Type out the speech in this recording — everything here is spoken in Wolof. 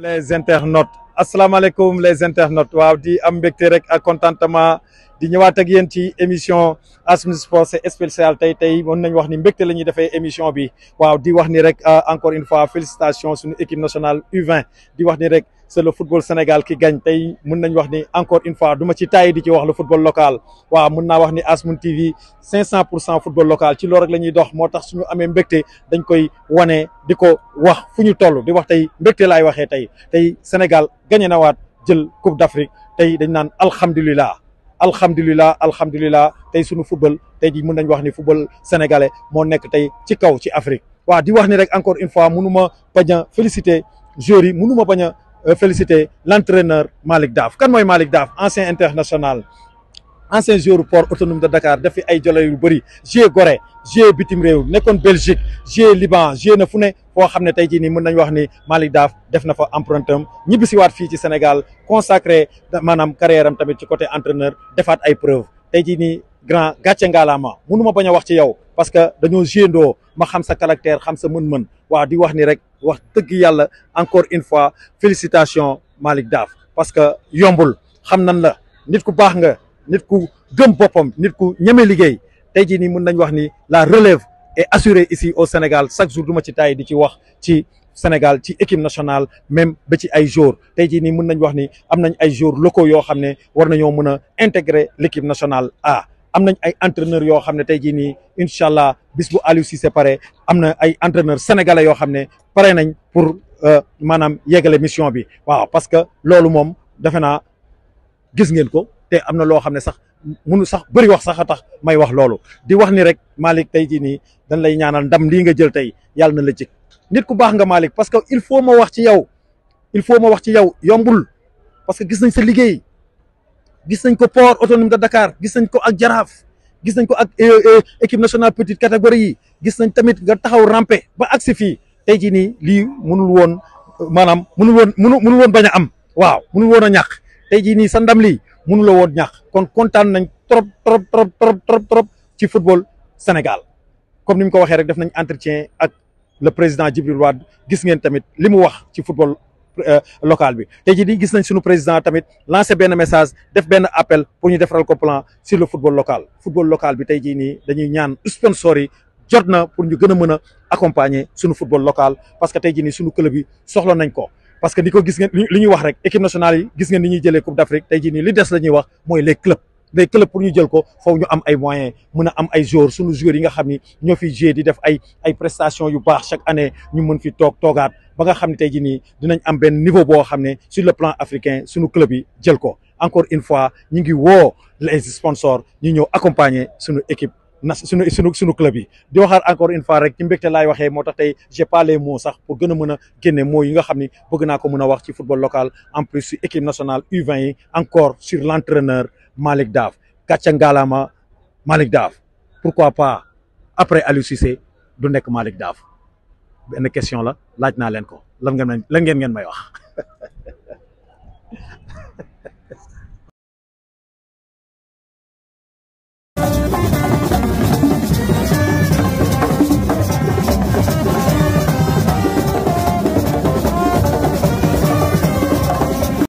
les internautes alaikum les internautes waaw di am mbekté rek ak contentement di ñëwaat ak yéen ci émission asmi sport c'est spécial tay tay mon nañ wax ni mbekté lañuy défé émission bi waaw di wax ni rek euh, encore une fois félicitations suñu équipe nationale U20 di wax ni rek c'est le football Sénégal qui gagne tay mën nañ wax ni encore une fois duma ci tay di ci wax le football local wa mën na wax ni Asmoon TV 500 pour cent football local ci loolu rek lañuy dox motax suñu amé mbékté dañ koy wane diko wax fuñu tollu di wax tay mbékté lay waxé tay tay Sénégal gagné na wat jël Coupe d'Afrique tay dañ naan alhamdoulillah alhamdoulillah alhamdoulillah tay suñu football tay di mën nañ wax ni football sénégalais mo nek tay ci kaw ci Afrique wa di wax ni rek encore une fois mënuma ma féliciter joueurs yi mënu euh, féliciter l'entraîneur malik Daf. kan moi malik Daf, ancien international ancien joueur port autonome de Dakar def fi ay j'ai yu j'ai joué Gorée joué bitim réew Belgique joué Liban joué na pour ne foo ni ne tey Malik Daf, mën nañu wax ni Malick Fiji def na fa empreinte am ñibbisiwaat fii Sénégal consacré manam carrière am tamit ci côté entraîneur defaat ay preuve tey grand gàcce ngaalaama mënu ma bañ wax ci yow parce que dañoo nos ma xam sa caractère xam sa mën-mën di ni rek wax deug yalla encore une fois félicitations Malik Daf parce que yombul xam nan la nit ku bax nga nit ku gëm nit ku nañ wax ni la relève est assurée ici au Sénégal chaque jour du ma ci tay di ci wax ci Sénégal ci équipe nationale même ba ci ay mun nañ wax ni am nañ ay joueurs locaux yo xamné war nañu mëna intégrer l'équipe nationale A am nañ ay entraîneurs yo xamné bis bu Aliou pare am na ay entraîneurs sénégalais yoo xam ne pare nañ pour euh, maanaam yeggale mission bi waaw parce que loolu moom defe naa gis ngeen ko te am na loo xam ne sax munu sax bëri wax sax a tax may wax loolu di wax ni rek Malick tey jii nii dañ lay ñaanal ndam lii nga jël tey yàlla na la jik nit ku baax nga Malick parce que il faut ma wax ci yow il faut ma wax ci yow yombul parce que gis nañ sa liggéey gis nañ ko port autonome de Dakar gis nañ ko ak jaraaf gis nañ ko ak euh, euh, équipe nationale petite catégorie gis nañ tamit nga taxaw rampe ba agsi fii tey jii nii lii mënul woon maanaam mënul woon mënul woon bañ a am waaw mënul woon a ñàkk tey jii nii sa ndam lii mënuloo woon ñàkk kon kontaan nañ trop trop trop trop trop ci football Sénégal comme ni mu ko waxee rek def nañ entretien ak le président Djibril Wade gis ngeen tamit li mu wax ci football Euh, local. bi tay ji nii gis nañ suñu président tamit lancé ben message def ben appel pour ñu defaral ko plan sur le football local football local bi tay ji ni dañuy ñaan sponsor yi pour ñu gëna mëna accompagner suñu football local parce que tay ji ni suñu club bi soxlo nañ ko parce que ni ko gis ngeen li wax rek équipe nationale yi gis ngeen ni ñuy jëlé coupe d'afrique tay ji ni li dess lañuy wax moy les clubs mais club pour ñu jël ko faaw ñu am ay moyens mëna am ay joueurs suñu joueurs yi nga xamni ni ñoo fi di def ay ay prestations yu baax chaque année ñu mëne fi tok togaat ba nga xamni tay tey jii dinañ am ben niveau bo xamné sur le plan africain suñu club yi jël ko encore une fois ñi ngi wo les sponsors ñu ñëw accompagner suñu équipe suñu suñu suñu club yi di waxaat encore une fois rek ci mbégte lay waxé motax tay j'ai pas les mots sax pour gëna mëna mën mo yi nga xamni bëgg na ko mëna wax ci football local en plus sur équipe nationale U20 yi encore sur l'entraîneur Malik Daf, gàcce Malik Malik pourquoi pas après Aliou Cissé du Malik Malik une Une question là, là vais vous ko ngeen